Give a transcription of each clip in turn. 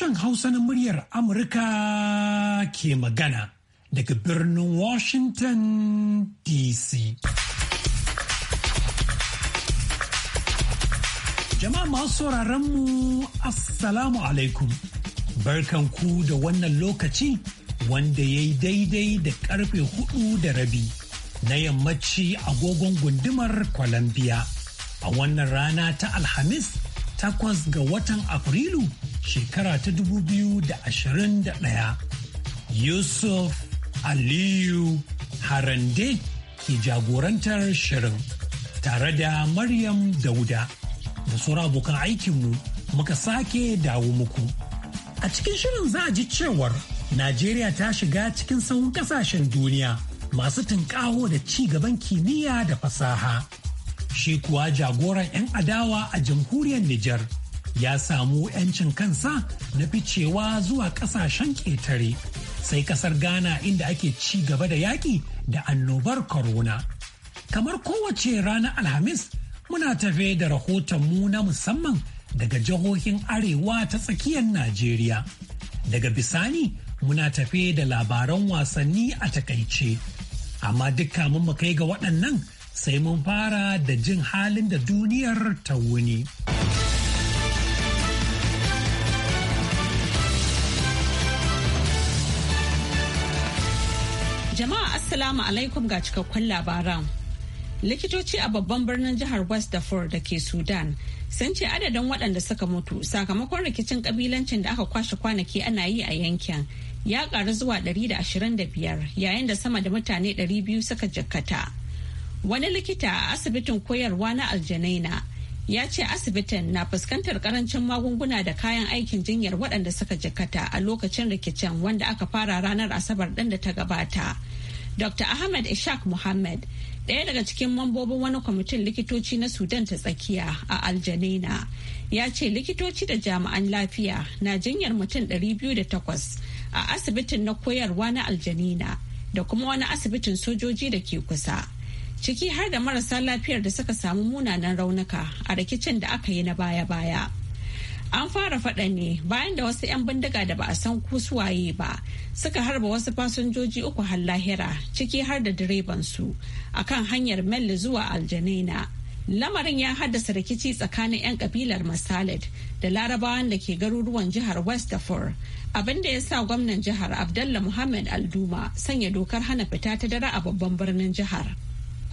Sashen Hausa na muryar Amurka ke magana daga birnin Washington DC. Jama'a masu sauraron mu Assalamu alaikum. Barkanku da wannan lokaci wanda ya yi daidai da karfe hudu da rabi na yammaci agogon gundumar kwalambiya, a wannan rana ta Alhamis takwas ga watan Afrilu shekara ta dubu biyu da da ashirin ɗaya, Yusuf Aliyu Harande ke jagorantar shirin tare da Maryam Dauda da sauran abokan aikinmu muka sake dawo muku. A cikin shirin za a ji cewar Najeriya ta shiga cikin sauran kasashen duniya masu tunƙaho da ci gaban kimiyya da fasaha. Shi kuwa jagoran 'yan adawa a jamhuriyar Nijar ya samu 'yancin kansa na ficewa zuwa kasashen ƙetare. Sai ƙasar Ghana inda ake ci gaba da yaƙi da annobar corona. Kamar kowace ranar Alhamis muna tafe da rahotonmu na musamman daga jihohin arewa ta tsakiyar Najeriya. Daga bisani muna tafe da labaran wasanni a takaice. Amma dukka mu kai ga waɗannan sai mun fara da jin halin da duniyar ta wuni. Jama'a Assalamu alaikum ga cikakkun labaran. Likitoci a babban birnin jihar West Darfur da ke Sudan sun ce adadin waɗanda suka mutu sakamakon rikicin kabilancin da aka kwashe kwanaki ana yi a yankin ya ƙaru zuwa 125 yayin da sama da mutane 200 suka jikkata. Wani likita a asibitin koyarwa na Aljanaina ya ce asibitin na fuskantar karancin magunguna da kayan aikin jinyar waɗanda suka jikata a lokacin rikicin wanda aka fara ranar Asabar ɗin da ta gabata. Dr. Ahmad Ishaq Muhammad ɗaya daga cikin mambobin wani kwamitin likitoci na Sudan ta tsakiya a Aljanaina ya ce likitoci da jami'an lafiya na jinyar mutum 208 a asibitin na koyarwa na Aljanina da kuma wani asibitin sojoji da ke kusa. ciki har da marasa lafiyar da suka samu munanan raunuka a rikicin da aka yi na baya-baya. An fara faɗa ne bayan da wasu 'yan bindiga da ba a san kusuwaye ba suka harba wasu fasinjoji uku har lahira ciki har da direban su a kan hanyar Melle zuwa Aljanaina. Lamarin ya haddasa rikici tsakanin 'yan kabilar Masalid da larabawan da ke garuruwan jihar West Darfur. abin da ya sa gwamnan jihar Abdallah Muhammad Alduma sanya dokar hana fita ta dare a babban birnin jihar.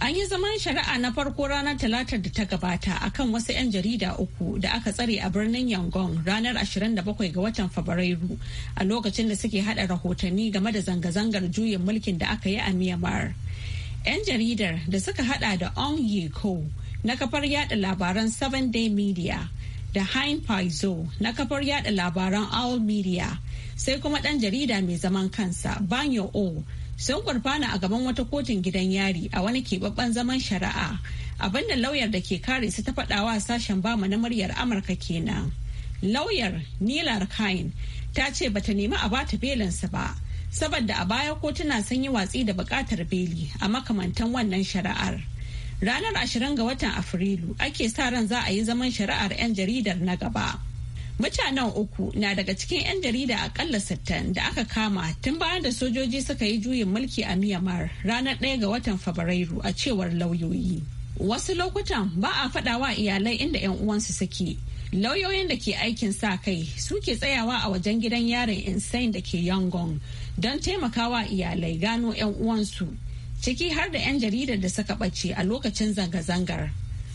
An yi zaman shari'a na farko ranar talatar da ta gabata a kan wasu 'yan jarida uku da aka tsare a birnin Yangon ranar 27 ga watan Fabrairu a lokacin da suke hada rahotanni game da zanga-zangar juyin mulkin da aka yi a Myanmar. 'Yan jaridar da suka hada da Ong Ye Ko na kafar yada labaran seven Day Media da Hein Paizo na kafar yada labaran Owl Media sai kuma ɗan jarida mai zaman kansa Banyo O sun kwarfana a gaban wata kotun gidan yari a wani keɓaɓɓen zaman shari'a abinda lauyar da ke kare su ta faɗawa sashen bama na muryar amurka kenan lauyar nila kain ta ce bata nemi a bata belinsa ba saboda a baya kotuna sun yi watsi da buƙatar beli a makamantan wannan shari'ar ranar 20 ga watan afrilu ake sa ran za a yi zaman shari'ar 'yan jaridar na gaba. Mutanen uku na daga cikin 'yan jarida akalla sittin da aka kama tun bayan da sojoji suka yi juyin mulki a Myanmar ranar ɗaya ga watan Fabrairu a cewar lauyoyi. Wasu lokutan ba a faɗawa iyalai inda 'yan uwansu suke. lauyoyin da ke aikin sa kai suke tsayawa a wajen gidan yarin insane da ke yangon don taimakawa iyalai gano 'yan uwansu ciki har da 'yan jaridar da suka ɓace a lokacin zanga-zangar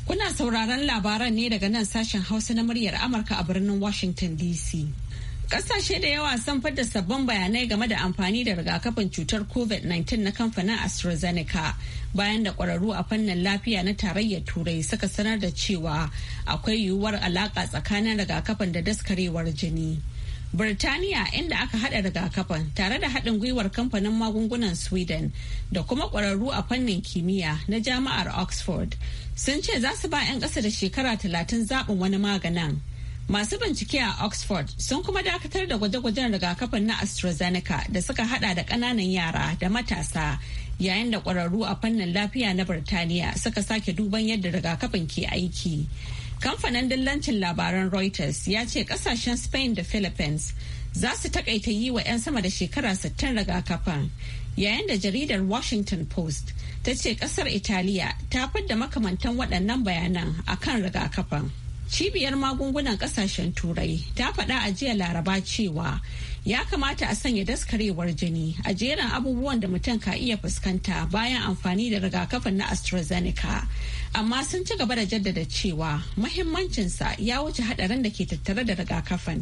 Kuna sauraron labaran ne daga nan sashen Hausa na muryar Amurka a birnin Washington DC. Kasashe da yawa sun fadda sabbin bayanai game da amfani da rigakafin cutar COVID-19 na kamfanin AstraZeneca bayan da ƙwararru a fannin lafiya na tarayyar Turai suka sanar da cewa akwai yiwuwar alaƙa tsakanin rigakafin da daskarewar jini. Birtaniya inda aka hada rigakafin tare da haɗin gwiwar kamfanin magungunan Sweden da kuma ƙwararru a fannin kimiyya na jama'ar Oxford sun ce za su ba 'yan ƙasa da shekara talatin zaɓin wani maganin. Masu bincike a Oxford sun kuma dakatar da gwaje-gwajen rigakafin na AstraZeneca da suka hada da ƙananan yara da matasa yayin da ƙwararru a fannin lafiya na Birtaniya suka sake duban yadda rigakafin ke aiki. Kamfanin dillancin labaran Reuters ya ce kasashen Spain da Philippines za su takaita yi wa 'yan sama da shekara 60 rigakafin yayin da jaridar Washington Post ta ce kasar Italiya ta fidda makamantan waɗannan bayanan akan rigakafin. Cibiyar magungunan kasashen Turai ta faɗa a jiya Laraba cewa ya kamata a sanya daskarewar jini a jeran abubuwan da mutum ka iya fuskanta bayan amfani da rigakafin na AstraZeneca amma sun ci gaba da jaddada cewa mahimmancinsa ya wuce hadarin da ke tattare da rigakafin.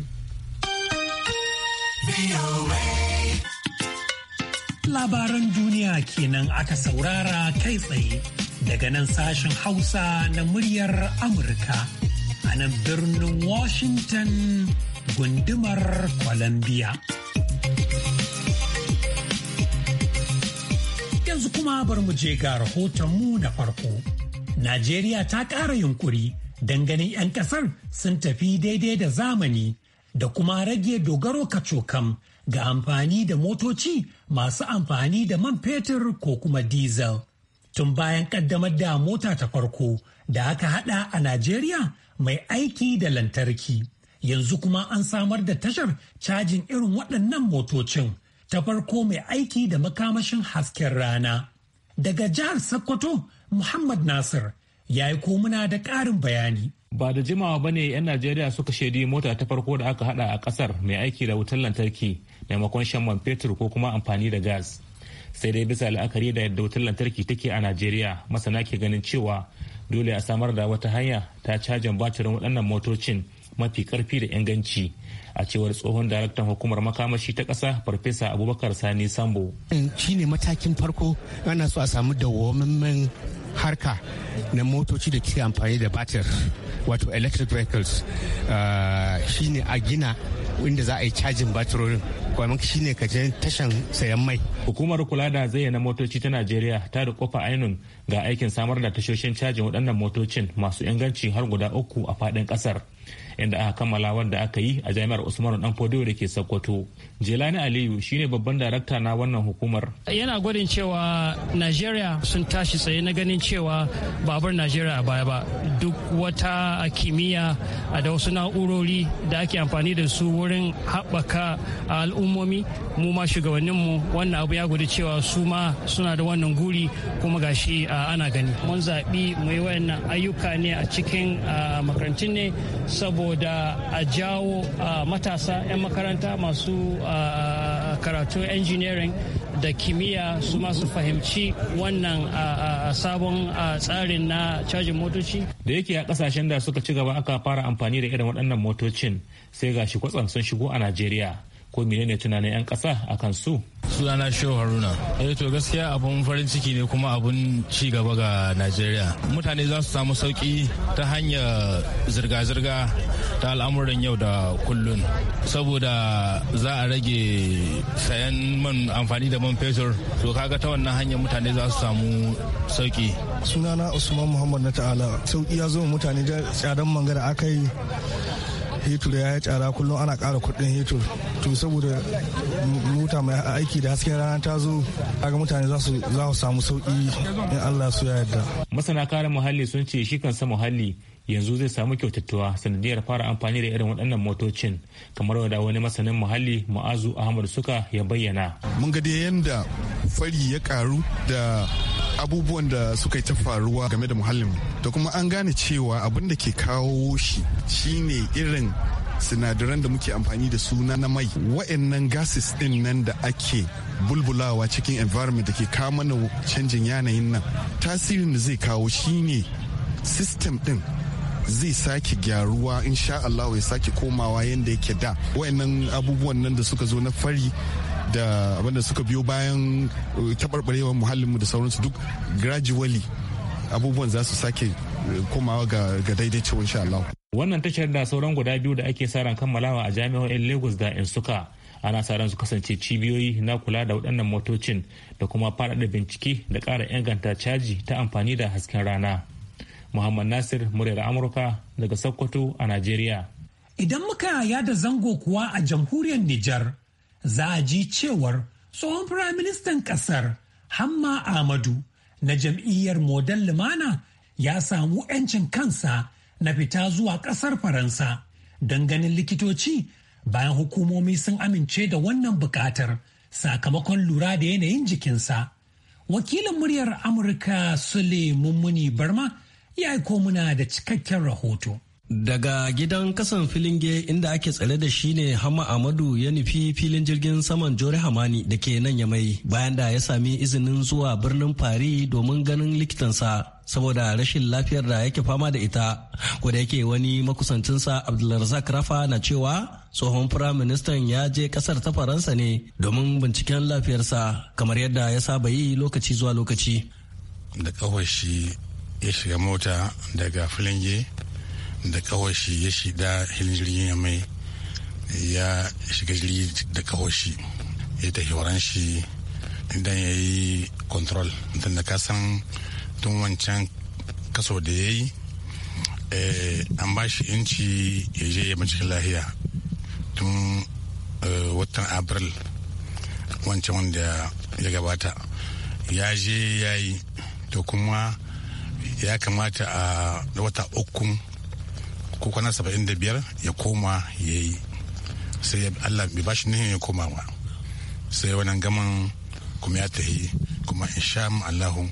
Labaran duniya kenan aka saurara kai tsaye daga nan sashen Hausa na muryar Amurka a nan birnin Washington gundumar Columbia. Yanzu kuma bar mu je ga rahotonmu na farko. Najeriya ta ƙara yunkuri ganin 'yan ƙasar sun tafi daidai da zamani da kuma rage dogaro kacokam ga amfani da motoci masu amfani da man fetur ko kuma diesel. Tun bayan ƙaddamar da mota ta farko da aka haɗa a Najeriya mai aiki da lantarki. Yanzu kuma an samar da tashar cajin irin waɗannan motocin ta farko mai aiki da makamashin hasken rana. Daga jihar Sokoto Muhammad Nasir ya yi komuna da ƙarin bayani. Ba da jimawa ba ne 'yan Najeriya suka shaidi mota ta farko da aka hada a ƙasar mai aiki da wutar lantarki maimakon shan man fetur ko kuma amfani da gas. Sai dai bisa la'akari da yadda wutar lantarki take a Najeriya masana ke ganin cewa dole a samar da wata hanya ta cajin batirin waɗannan motocin mafi ƙarfi da inganci a cewar tsohon daraktan hukumar makamashi ta kasa farfesa abubakar sani sambo shine matakin farko ana so a samu dawwammamin harka na motoci da ke amfani da batir wato electric vehicles ah, shine a gina inda za a yi cajin batirorin kwamin shine ka tashan sayan mai hukumar kula da zayyana motoci ta najeriya ta da kofa ainun ga aikin samar da tashoshin cajin waɗannan motocin masu inganci har guda uku a faɗin ƙasar inda aka kammala wanda aka yi a jami'ar usman dan fodiyo da ke sokoto jelani aliyu shine babban darakta na wannan hukumar yana gwadin cewa nigeria sun tashi tsaye na ganin cewa babur nigeria a baya ba duk wata kimiyya da wasu na'urori da ake amfani da su wurin haɓaka al'ummomi mu ma mu wannan abu ya gudu cewa su ma suna da wannan guri kuma gashi ana gani mun zaɓi mu yi wayannan ayyuka ne a cikin makarantun ne saboda saboda a jawo matasa 'yan makaranta masu karatu engineering da kimiyya su masu fahimci wannan sabon tsarin na cajin motoci. Da yake a kasashen da suka ci gaba aka fara amfani da irin waɗannan motocin sai gashi kwatsam sun shigo a Najeriya. ko menene tunanin 'yan ƙasa a kan su. sunana shehu haruna eh to gaskiya abun farin ciki ne kuma abun ci gaba ga najeriya mutane za su samu sauki ta hanyar zirga-zirga ta al'amuran yau da kullun saboda za a rage sayan man amfani da man fetur to kaga ta wannan hanyar mutane za su samu sauki sunana usman muhammad na ta'ala sauki ya zo mutane da tsadan mangara aka yi hitul ya yi tsara kullum ana ƙara kuɗin hitul to saboda mota mai aiki da hasken rana ta zo kaga mutane za su samu sauki in Allah su ya yarda masana kare muhalli sun ce shi kansa muhalli yanzu zai samu kyautattuwa sanadiyar fara amfani da irin waɗannan motocin kamar wadda wani masanin muhalli ma'azu ahmad suka ya bayyana mun ga dai yanda fari ya karu da abubuwan da suka yi ta faruwa game da muhallin da kuma an gane cewa abin da ke kawo shi shine irin sinadaran da muke amfani da suna na mai wa'annan gases din nan da ake bulbulawa cikin environment da ke kama mana canjin yanayin nan tasirin da zai kawo shine system din zai sake gyaruwa insha Allah ya sake komawa yadda yake da wayannan abubuwan nan da suka zo na fari da abinda suka biyo bayan eh, taɓarɓarewar muhallinmu da sauransu duk gradually abubuwan za su sake eh, komawa ga daidaicin insha Allah. Wannan tashar da sauran guda biyu da ake sa kammalawa a jami'o'in Lagos da in suka ana sa su kasance cibiyoyi na kula da waɗannan motocin da kuma faɗaɗa bincike da ƙara inganta caji ta amfani da hasken rana. Muhammad Nasir muryar Amurka daga Sokoto a Najeriya. Idan muka da zango kuwa a jamhuriyar Nijar, za a ji cewar tsohon firaministan ƙasar Hamma Ahmadu na jam'iyyar Modan Limana, ya samu 'yancin kansa na fita zuwa ƙasar Faransa don ganin likitoci bayan hukumomi sun amince da wannan buƙatar sakamakon lura da yanayin jikinsa. Wakilin muryar Amurka Sule Mummuni Barma ya aiko muna da cikakken rahoto. Daga gidan kasan filinge inda ake tsare da shi ne Hama Amadu ya nufi filin jirgin saman Jori Hamani da ke nan ya mai bayan da ya sami izinin zuwa birnin Fari domin ganin likitansa saboda rashin lafiyar da yake fama da ita. Ko da yake wani makusancinsa Abdulrazak Rafa na cewa tsohon firaministan ya je kasar ta Faransa ne domin binciken lafiyarsa kamar yadda ya saba yi lokaci zuwa lokaci. Da kawai ya shiga mota daga filinge da kawashi ya shida hilin jirgin ya mai ya shiga jirgi da kawashi ya tafi shi idan ya yi control tun da kasan tun wancan kaso da ya yi eh, an ba shi inci ya je ya bincika lahiya tun eh, watan april wancan wanda ya gabata ya je ya yi to kuma ya kamata a wata uku ko kwana saba'in da biyar ya koma ya yi sai allah bai bashi nihin ya koma wa sai wannan gaman kuma ya tahi kuma in sha allahu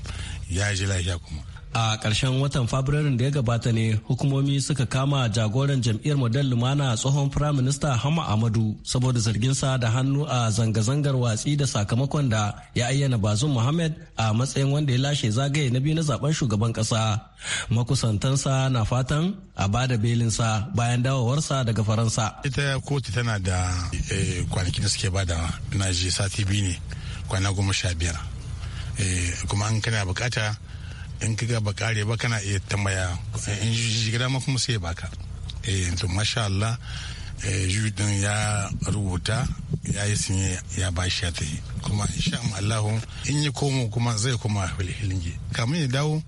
ya ji lafiya kuma a ƙarshen watan fabrairun da ya gabata ne hukumomi suka kama jagoran jam'iyyar model lumana tsohon prime minister hama amadu saboda zarginsa da hannu a zanga-zangar watsi da sakamakon da ya ayyana bazum muhammad a matsayin wanda ya lashe zagaye na biyu na zaben shugaban ƙasa makusantansa na fatan a bada belinsa bayan dawowarsa daga faransa ita kotu tana da eh, kwanaki da suke bada na ji sati biyu ne kwana goma sha biyar eh, kuma an kana bukata in kaga ba kare ba kana iya tambaya in shiga dama kuma sai baka eh to masha Allah eh, judin ya rubuta ya yi sinye ya ba shi ta yi kuma insha Allah in ya komo kuma zai koma hilinge kamar ya dawo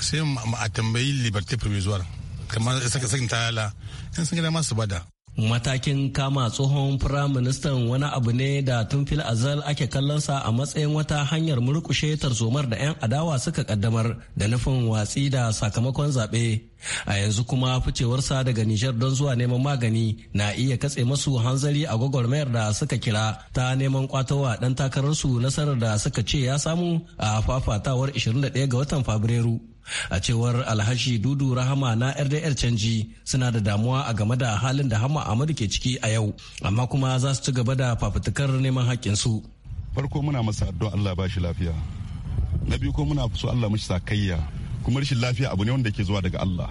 sai a tambayi liberté provisoire kamar sakin tayala in sun gida masu bada Matakin kama tsohon firaministan wani abu ne da tun fil azal ake kallonsa a matsayin wata hanyar murkushe tarzomar da 'yan adawa suka kaddamar da nufin watsi da sakamakon zaɓe. A yanzu kuma ficewarsa daga Nijar don zuwa neman magani na iya katse masu hanzari a gwagwarmayar da suka kira ta neman kwatowa dan takararsu nasarar da suka ce ya samu a fafatawar 21 ga watan Fabrairu. a cewar alhashi dudu rahama na rdr canji suna da damuwa a game da halin da hama amadu ke ciki a yau amma kuma za su ci gaba da fafutukar neman haƙƙinsu farko muna masa addu'a allah ba shi lafiya na biyu ko muna so allah mashi sakayya kuma rashin lafiya abu ne wanda ke zuwa daga allah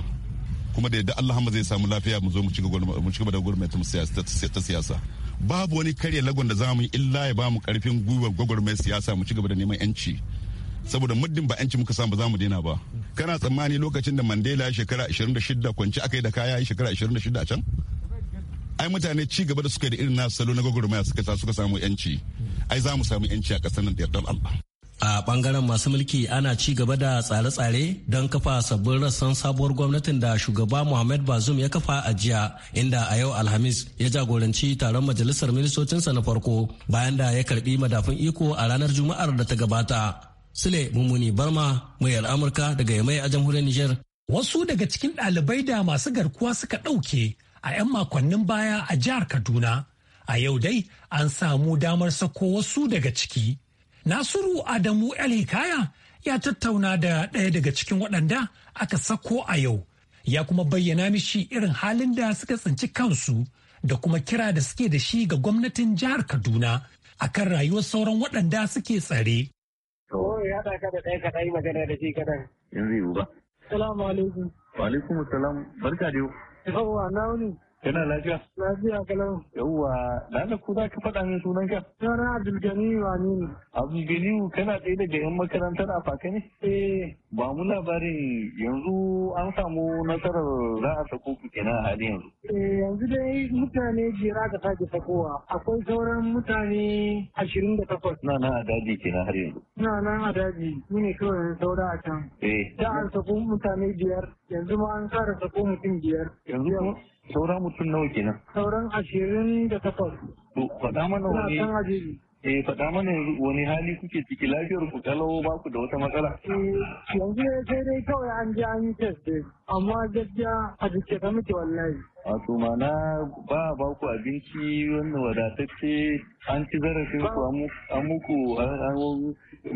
kuma da yadda allah hama zai samu lafiya mu zo mu ci gaba da gwamnati ta siyasa babu wani karya lagon da za mu yi illa ya ba mu karfin gwiwar gwagwarmayar siyasa mu ci gaba da neman yanci saboda muddin ba yanci muka samu ba za mu daina ba kana tsammani lokacin da mandela shekara 26 kwanci aka yi da kaya shekara 26 a can ai mutane ci gaba da suka da irin nasu salo na gwagwarmaya suka sa suka samu yanci ai za mu samu yanci a ƙasar nan da yardar Allah. A bangaren masu mulki ana ci gaba da tsare-tsare don kafa sabbin rassan sabuwar gwamnatin da shugaba Muhammad Bazoum ya kafa a jiya inda a yau Alhamis ya jagoranci taron majalisar ministocinsa na farko bayan da ya karbi madafin iko a ranar Juma'ar da ta gabata. Sule Mummuni Barma, mai al'amurka daga Yamai a jamhuriyar Nijar. Wasu daga cikin ɗalibai da masu garkuwa suka ɗauke a 'yan makonnin baya a jihar Kaduna. A yau dai an samu damar sako wasu daga ciki. Nasiru Adamu El Hikaya ya tattauna da ɗaya daga cikin waɗanda aka sako a yau. Ya kuma bayyana mishi irin halin da suka tsinci kansu da kuma kira da suke da shi ga gwamnatin jihar Kaduna akan rayuwar sauran waɗanda suke tsare. haɗa ka da ɗaya kaɗai magana da shi kaɗan. Yanzu yiwu ba. Salamu alaikum. Wa alaikum salam. Barka da yau. Yawwa na wuni. Yana lafiya? Lafiya kalau. Yawwa, lalla ko za ka faɗa min sunan ka? Sunana Abdulganiyu Aminu. Abdulganiyu kana ɗaya daga 'yan makarantar afaka ne? Eh. Ba mu labarin yanzu an samu nasarar za a sako ku kenan a halin yanzu. Eh yanzu dai mutane jira ka sake sakowa. Akwai sauran mutane ashirin da takwas. Na na a daji kenan har yanzu. Na na a daji su ne kawai saura a can. Eh. Da an sako mutane biyar yanzu ma an sa da sako mutum biyar. Yanzu Sauran mutum nawa kenan? Sauran ashirin da takwas. Faɗa mana wani. Suna ajiri. Eh faɗa mana wani hali kuke ciki lafiyar ku kalau ba ku da wata matsala. Eh, yanzu ne sai dai kawai an je an yi test amma gaskiya a jike ta muke wallahi. Wato mana ba ba ku abinci wannan wadatacce an ci zarafin ku an muku an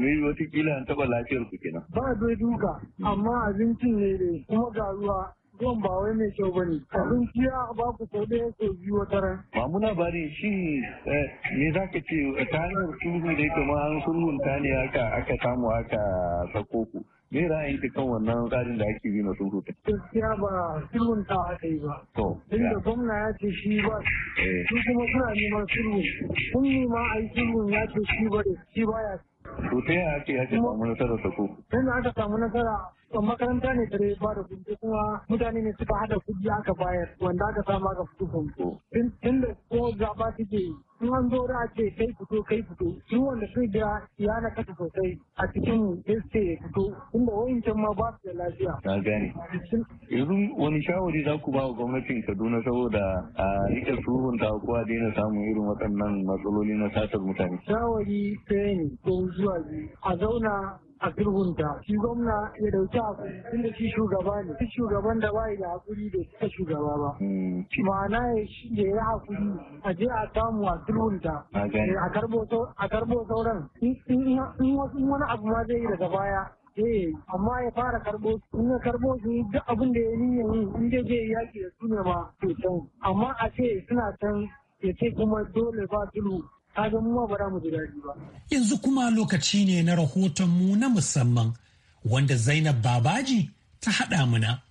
mai watakila an taɓa lafiyar ku kenan. Ba zai duka amma abincin ne dai kuma ga ruwa tuwon ba wai mai kyau bane abin kiya ba ku sau ɗaya sau biyu wata ran. mamuna bari shi eh, me za ka ce eh, ta hanyar sulhu da ya ma an ta ne aka aka samu aka sako ku. me ra'ayin ka kan wannan tsarin da ake yi na sulhu ta gaskiya ba sulhun ta haɗe yi ba to inda gwamna ya ce shi ba eh. su kuma suna neman sulhu kun nema a yi sulhun ya ce shi ba shi ba ya to ta yaya ake ya ce samu nasara ta ko tun aka samu nasara to makaranta ne tare ba da kuɗi kuma mutane ne suka hada kudi aka bayar wanda aka samu aka fito famfo tun da ko gaba suke in an zo da ake kai fito kai fito su wanda sun ga ya na kasa sosai a cikin sai ya fito wani can ma ba su da lafiya. Na gane. Irin wani shawari za ku ba wa gwamnatin Kaduna saboda a rike surun ta kuwa daina samun irin waɗannan matsaloli na satar mutane. Shawari yi ne ko zuwa biyu a zauna a sulhunta shi gwamna ya dauki hakuri tunda shi shugaba ne shi shugaban da bai da hakuri da ta shugaba ba hmm. ma'ana ya yi hakuri a je a samu a sulhunta a karbo sauran in wani abu ma zai yi daga baya eh amma ya fara karbo in ya karbo shi duk abin da ya niyan yi in dai zai yaki da su ne ma to amma a ce suna can ya ce kuma dole ba tulu Yanzu kuma lokaci ne na rahoton mu na musamman wanda Zainab Babaji ta haɗa muna.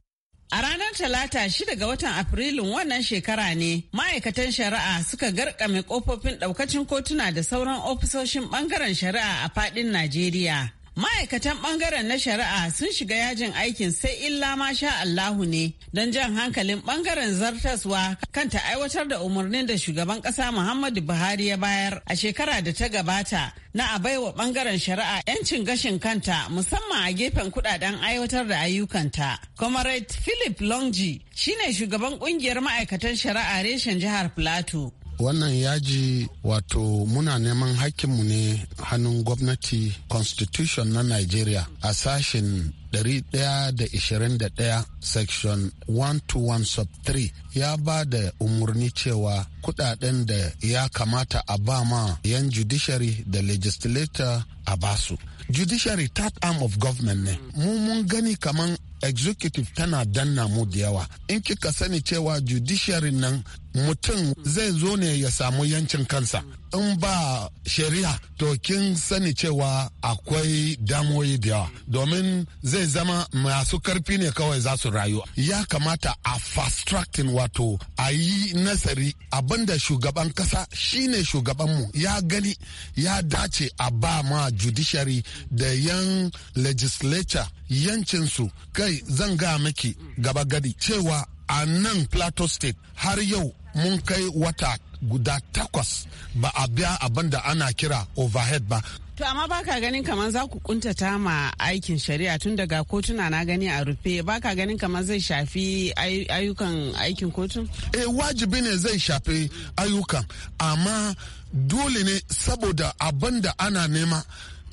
A ranar Talata shida ga watan Afrilun wannan shekara ne ma'aikatan shari'a suka garkame kofofin ɗaukacin kotuna da sauran ofisoshin ɓangaren shari'a a faɗin Najeriya Ma'aikatan ɓangaren na shari'a sun shiga yajin aikin sai illa ma sha Allahu ne don jan hankalin ɓangaren zartaswa Kanta aiwatar da umarnin da shugaban ƙasa Muhammadu Buhari ya bayar a shekara da ta gabata na a baiwa ɓangaren shari'a 'yancin gashin kanta musamman a gefen kudaden aiwatar da ayyukanta. Comrade Philip Longji shine shugaban ƙungiyar ma'aikatan shari'a reshen jihar Plateau. wannan yaji wato muna neman hakkinmu ne hannun gwamnati constitution na nigeria a sashen 121 section 121 sub 3 ya ba da umarni cewa kudaden da ya kamata a ba ma yan judiciary da legislator a basu judiciary third arm of government ne mu mun gani kaman executive tana danna mu da yawa in kika sani cewa judiciary nan mutum zai zo ne ya samu yancin kansa in ba shari'a to kin sani cewa akwai damoyi da yawa domin zai zama masu karfi ne kawai za su rayu ya kamata a fast tracking wato a yi nasari abinda shugaban kasa shine shugabanmu ya gani ya dace a ba ma judiciary da yan legislature yancinsu kai zan ga miki gaba gadi cewa a nan plateau state har yau mun kai wata guda takwas ba a biya abin da ana kira overhead ba To amma baka ganin kamar za ku kuntata ma aikin shari'a tun daga kotuna na gani a rufe baka ganin kamar zai shafi ayyukan aikin kotun? Eh wajibi ne zai shafi ayyukan amma dole ne saboda abin da ana nema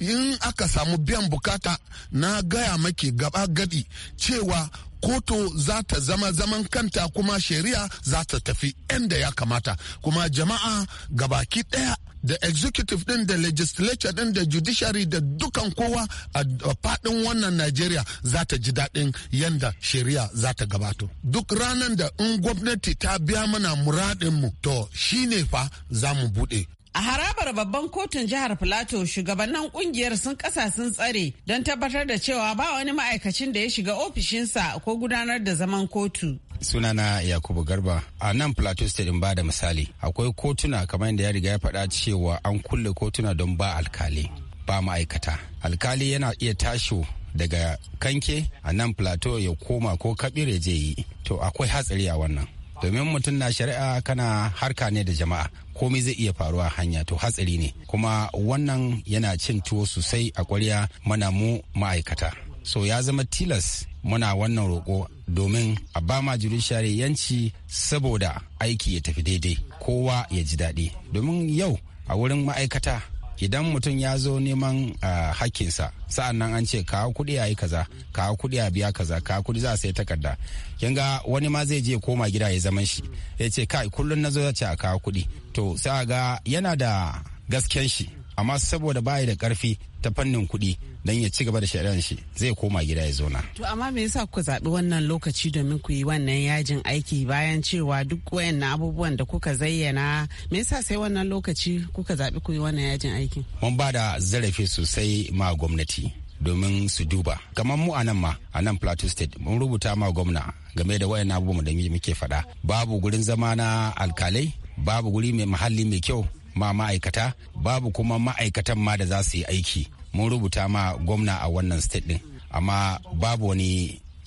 in aka samu biyan bukata na gaya maki gaba gadi cewa kotu za ta zama zaman kanta kuma shari'a za ta tafi inda ya kamata kuma jama'a gabaki ɗaya da executive din da legislature din da judiciary da dukan kowa a fadin wannan nigeria za ta ji daɗin yanda shari'a za ta gabato. Duk ranar da in gwamnati ta biya mana muradinmu to shine fa za mu buɗe A harabar babban kotun jihar Filato shugabannin kungiyar sun kasa sun tsare don tabbatar da cewa ba wani ma'aikacin da ya shiga ofishinsa ko gudanar da zaman kotu. Sunana Yakubu Garba a nan Plateau State ba da misali akwai kotuna kamar yadda ya riga ya faɗa cewa an kulle kotuna don ba alkali ba ma'aikata. Alkali yana iya tashi daga kanke a nan Plateau ya koma ko kabire je yi to akwai hatsari a wannan. domin mutum na shari'a kana harka ne da jama'a komai zai iya faruwa hanya to hatsari ne kuma wannan yana cin tuwo sosai a kwarya mana mu ma'aikata so ya zama tilas muna wannan roƙo domin a ba ma share yanci saboda aiki ya tafi daidai kowa ya ji daɗi domin yau a wurin ma'aikata idan mutum ya zo neman hakkinsa sa'an nan an ce kawo kuɗi a yi kaza kawo kuɗi a biya kaza kawo kuɗi za a sai takarda kin wani ma zai je koma gida ya zaman shi ya ce kai kullum na zo ya ce a kawo kuɗi to sai ga yana da gasken shi amma saboda bayi da karfi ta fannin kuɗi don ya ci gaba da shari'ar shi zai koma gida ya zauna. To amma me yasa ku zaɓi wannan lokaci domin ku yi wannan yajin aiki bayan cewa duk wayannan abubuwan da kuka zayyana me yasa sai wannan lokaci kuka zaɓi ku yi wannan yajin aiki? Mun ba da zarafi sosai ma gwamnati domin su duba kamar mu a nan ma a nan plateau state mun rubuta ma gwamna game da wayan abubuwan da muke faɗa babu gurin zama na alkalai babu guri mai muhalli mai kyau ma ma'aikata babu kuma ma'aikatan ma da za su yi aiki mun rubuta ma gwamna a wannan state din amma babu wani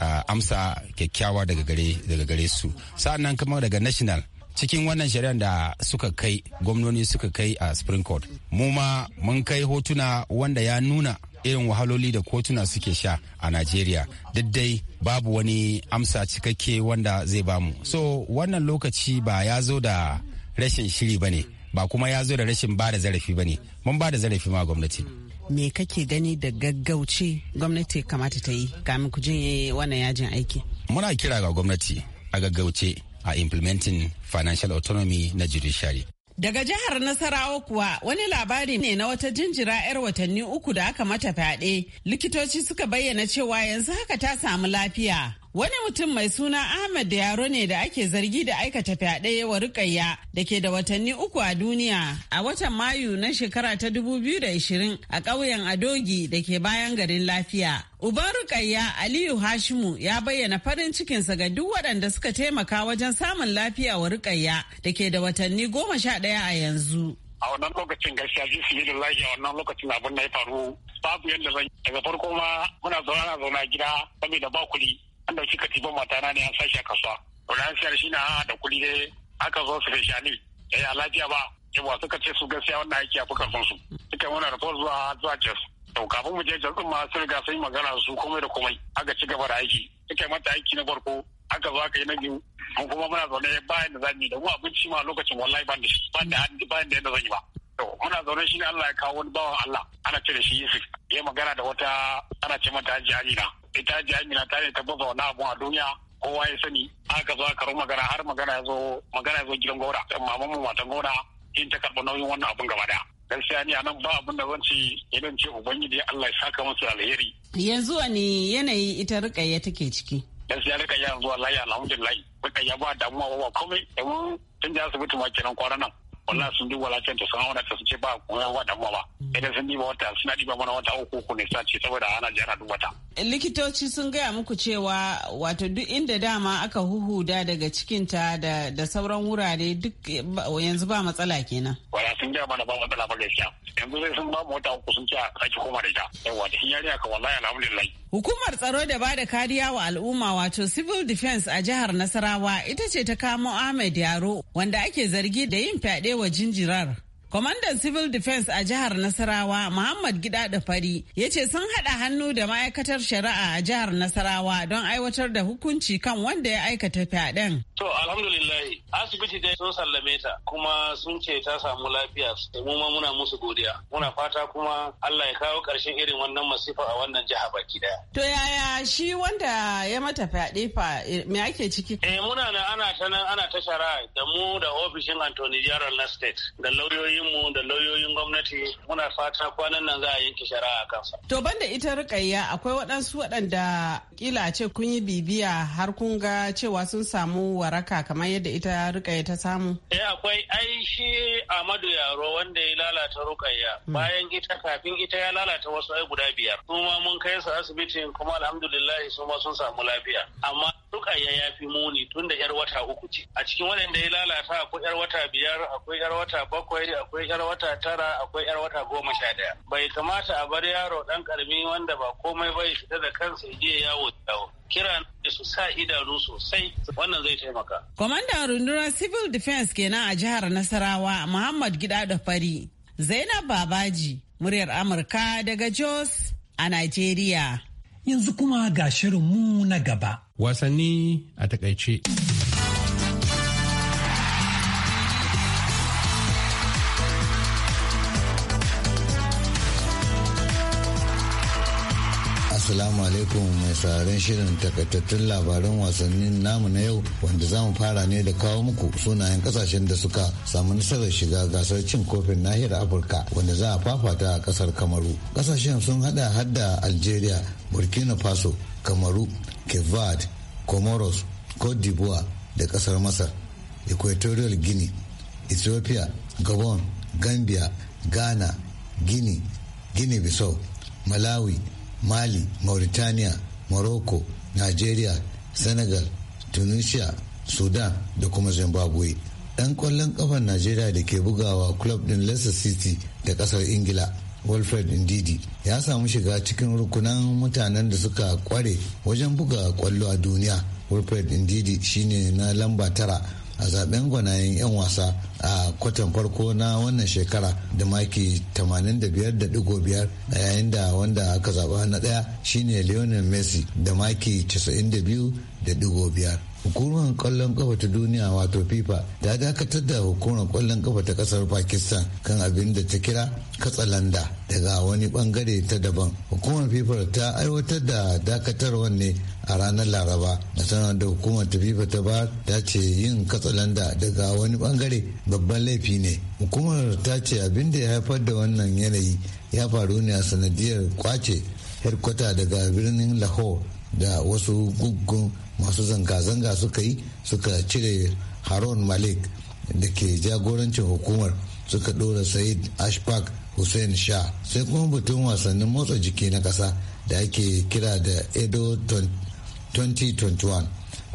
uh, amsa kyakkyawa daga gare daga gare su sa'annan kuma daga national cikin wannan shari'ar da suka kai gwamnoni suka kai a uh, court mu ma mun kai hotuna wanda ya nuna irin wahaloli da kotuna suke sha a Najeriya dai babu wani amsa cikakke wanda zai bamu. So wannan lokaci ba ya zo da rashin shiri ba ne ba kuma ya zo da rashin ba da zarafi ba ne mun ba da zarafi ma gwamnati me kake gani da gaggauce gwamnati kamata ta yi kamin ku jinye wannan yajin aiki muna kira ga gwamnati a gaggauce a implementing financial autonomy na judiciary Daga jihar Nasarawa kuwa wani labari ne na wata jinjira 'yar watanni uku da aka mata fyaɗe. Likitoci suka bayyana cewa yanzu haka ta samu lafiya. Wani mutum mai suna Ahmad Yaro ne da ake zargi da aikata fyaɗe wa rikayya da ke da watanni uku a duniya a watan Mayu na shekara ta 2020 a ƙauyen Adogi da ke bayan garin lafiya. Uban rikayya Aliyu Hashimu ya bayyana farin cikinsa ga duk waɗanda suka taimaka wajen samun lafiya wa rikayya da ke da watanni goma sha ɗaya a yanzu. a wannan lokacin gaskiya ji su yi lafiya wannan lokacin abin da ya faru babu yadda zan daga farko ma muna zaune na zauna gida saboda ba an dauki katiban matana ne an sashi a kasuwa kuɗin siyar shi na da kuɗi ne aka zo su da shani ya eh, lafiya ba yawa suka ce su gaskiya wannan aiki a fuka sun su suka yi wani report zuwa zuwa jes to kafin mu je jes ma sun riga sun yi magana su komai da komai aka ci gaba da aiki suka yi mata aiki na farko aka zo aka yi na biyu mu kuma muna zaune bayan da zan yi da mu abinci ma lokacin wallahi ban da shi ban da bayan da yadda zan yi ba muna zaune shi ne Allah ya kawo wani bawan Allah ana ce da shi Yusuf ya magana da wata ana ce mata Hajji Amina ita ji amina ta ne ta baza wani abu a duniya kowa ya sani aka zo aka magana har magana ya zo magana ya zo gidan gora maman mu matan gora in ta karɓi nauyin wannan abun gaba daya gaskiya ni anan ba abin da zan ce idan ce ubangiji Allah ya saka masa alheri yanzu wani yanayi ita ya take ciki gaskiya rikayya yanzu wallahi alhamdulillah ya ba damuwa ba komai domin tun da asibiti ma kenan kwanan nan wala sun duba lafiyar ta sun wani ta sun ce ba kowa wa damuwa ba idan sun diba wata suna diba mana wata uku uku ne sace saboda ana jana duk wata. Eh, likitoci sun gaya muku cewa wato duk inda dama aka huhuda daga cikin ta da da sauran wurare duk yanzu ba matsala kenan wala sun gaya mana ba matsala ba gaskiya yanzu sai sun ba mota wata uku sun ce a sake koma da ita yawa da shi yarinya wallahi alhamdulillah Hukumar tsaro da ba da kariya wa al'umma wato civil defense a jihar Nasarawa ita ce ta kamo Ahmed Yaro wanda ake zargi da yin fyaɗe wa jinjirar. Kwamandan Civil Defense a jihar Nasarawa, Muhammad Gida da Fari, ya ce sun haɗa hannu da ma'aikatar shari'a a jihar Nasarawa don aiwatar da hukunci kan wanda ya aikata fyaɗen. To alhamdulillahi asibiti dai sun sallame ta kuma sun ce ta samu lafiya mu ma muna musu godiya. Muna fata kuma Allah ya kawo karshen irin wannan masifa a wannan jiha baki daya. To yaya shi wanda ya mata fyaɗe fa eh, me ake ciki? Eh muna na ana ta nan ana ta shara da mu da ofishin Anthony jaron na state da lauyoyinmu da lauyoyin gwamnati muna fata kwanan nan za a yanke shara'a a kansa. To banda ita rikayya akwai waɗansu waɗanda kila ce kun yi bibiya har kun ga cewa sun samu wa baraka kamar yadda ita rukaya ta samu? Eh akwai ai shi Amadu Yaro wanda ya lalata rukaya hmm. bayan ita kafin ita ya lalata wasu ai guda biyar. Su mun kai su asibitin kuma alhamdulillah su ma sun samu lafiya. Amma rukaya ya fi muni tun da yar wata uku ce. A cikin waɗanda ya lalata akwai yar wata biyar, akwai yar wata bakwai, akwai yar wata tara, akwai yar wata goma sha daya. Bai kamata a bar yaro ɗan ƙarami wanda ba komai bai fita da kansa ya je yawo yawo. Kiran su sa idanu sosai wannan zai taimaka. Kwamandan rundunar Civil Defense kenan a jihar Nasarawa Muhammad Gida da Fari. Zainab Babaji, muryar Amurka daga Jos a Najeriya. Yanzu kuma ga shirinmu na gaba. Wasanni a takaice. Assalamu alaikum mai sauraron shirin takaitattun labaran wasannin namu na yau wanda za mu fara ne da kawo muku sunayen kasashen da suka samu nasarar shiga gasar cin kofin nahiyar Afirka wanda za a fafata a kasar Kamaru. Kasashen sun hada hadda Algeria, Burkina Faso, Kamaru, Kevad, Comoros, Cote d'Ivoire da kasar Masar, Equatorial Guinea, Ethiopia, Gabon, Gambia, Ghana, Guinea, Guinea-Bissau, Malawi, mali mauritaniya morocco nigeria senegal tunisia sudan da kuma zimbabwe dan kwallon kafar nigeria da ke bugawa club din leicester city da kasar ingila wilfred ndidi ya samu shiga cikin rukunan mutanen da suka kware wajen buga kwallo a duniya wilfred ndidi shine na lamba tara a zaben gwanayen 'yan wasa a kwatan farko na wannan shekara da maki 85.5 a yayin da wanda aka zaba na daya shine lionel messi da maki 92.5 hukumar kwallon kafa ta duniya wato fifa ta dakatar da hukumar kwallon kafa ta kasar pakistan kan abin da ta kira katsalanda daga wani bangare ta daban hukumar fifa ta aiwatar da dakatarwar ne a ranar laraba a sanar da hukumar ta fifa ta ba ta ce yin katsalanda daga wani bangare babban laifi ne hukumar ta ce abin da ya haifar da wannan yanayi ya faru ne a sanadiyar kwace herkwata daga birnin lahore da wasu guggun masu zanga-zanga suka yi suka cire haron malik da ke jagorancin hukumar suka ɗora said ashpak hussein shah sai kuma batun wasannin motsa jiki na kasa da ake kira da edo 2021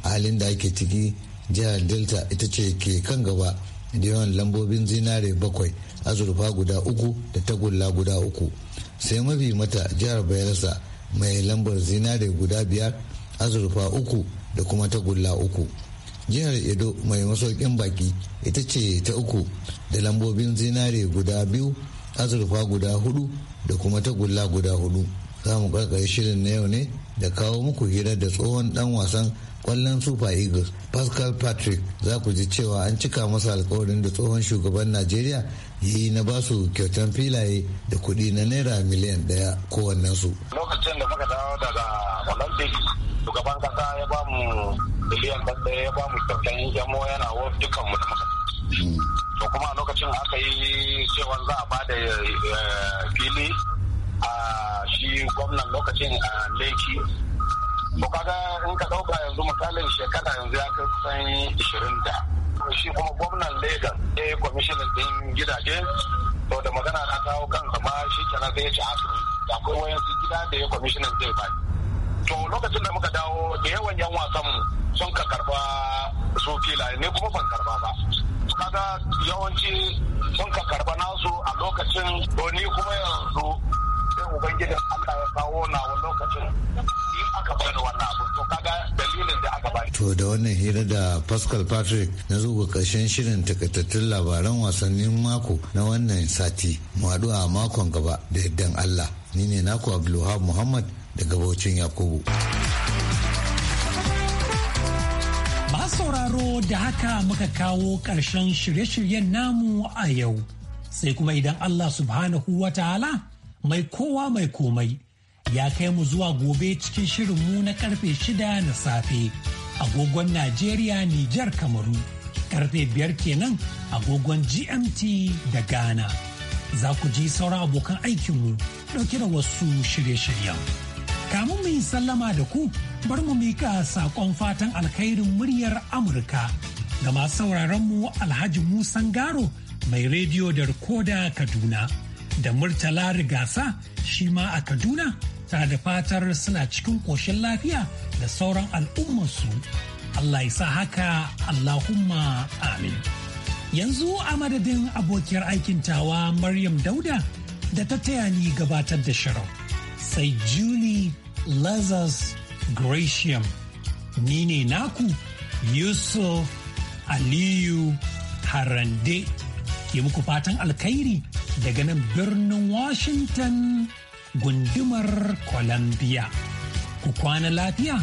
a halin da ake ciki jihar delta ita ce ke kan gaba da yawan lambobin zinare bakwai azurfa guda uku da tagulla guda uku sai mafi mata jihar bayelsa mai lambar zinare guda biyar azurfa uku da kuma tagulla uku jihar edo mai masaukin baki ita ce ta uku da lambobin zinare guda biyu azurfa guda hudu da kuma tagulla guda hudu za mu karkare shirin na yau ne da kawo muku hira da tsohon dan wasan kwallon super eagles pascal patrick za ku ji cewa an cika masa alkawarin da tsohon shugaban najeriya yi na ba su kyautan filaye da kuɗi na naira miliyan daya su. lokacin da muka dawo daga olympics shugaban kasa ya ba mu miliyan ɗaya ya ba mu kyautan yamo yana wa dukkan mu hmm. to kuma a lokacin aka yi cewa za a ba da eh, fili a shi gwamnan lokacin a leki to kaga in ka dauka yanzu misalin shekara yanzu ya kai kusan ishirin da shi kuma gwamnan lagos ya eh, kwamishinan din gidaje to da magana na kawo kan ma shi na zai ci asiri akwai wayansu gida da ya kwamishinan zai ba to lokacin da muka dawo da yawan yan wasan sun ka karba su filaye ne kuma ban karba ba kaga yawanci sun ka karba nasu a lokacin to ni kuma yanzu sai ubangijin Allah ya kawo nawa lokacin ni aka bani wannan abu to kaga dalilin da aka bani to da wannan hira da Pascal Patrick na zuwa karshen shirin takaitattun labaran wasannin mako na wannan sati mu haɗu a makon gaba da yaddan Allah ni ne naku Abdulwahab Muhammad daga Bauchin Yakubu sauraro da haka muka kawo ƙarshen shirye-shiryen namu a yau sai kuma idan Allah subhanahu wa ta'ala mai kowa mai komai ya kai mu zuwa gobe cikin shirin mu na karfe shida na safe agogon Najeriya Nijar Kamaru karfe biyar kenan agogon GMT da Ghana. Za ku ji sauran abokan aikinmu ɗauke da wasu shirye-shiryen. Kamun mu yi sallama da ku bar mu mika saƙon fatan alkhairin muryar Amurka ga masu Alhaji Musan Garo mai rediyo da rikoda Kaduna. da Murtala Rigasa shi ma a Kaduna tana da fatar suna cikin koshin lafiya da sauran al'ummarsu. Allah ya sa haka Allahumma amin. Yanzu a madadin abokiyar aikin tawa Maryam Dauda da ta taya ni gabatar da shirin. Sai Julie Lazarus Gratium. Ni ne naku Yusuf Aliyu Harande. ke muku fatan alkhairi daga nan birnin Washington gundumar Columbia. Ku kwana lafiya,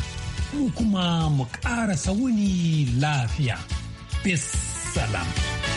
mu kuma mu ƙara sauni lafiya. Peace salam.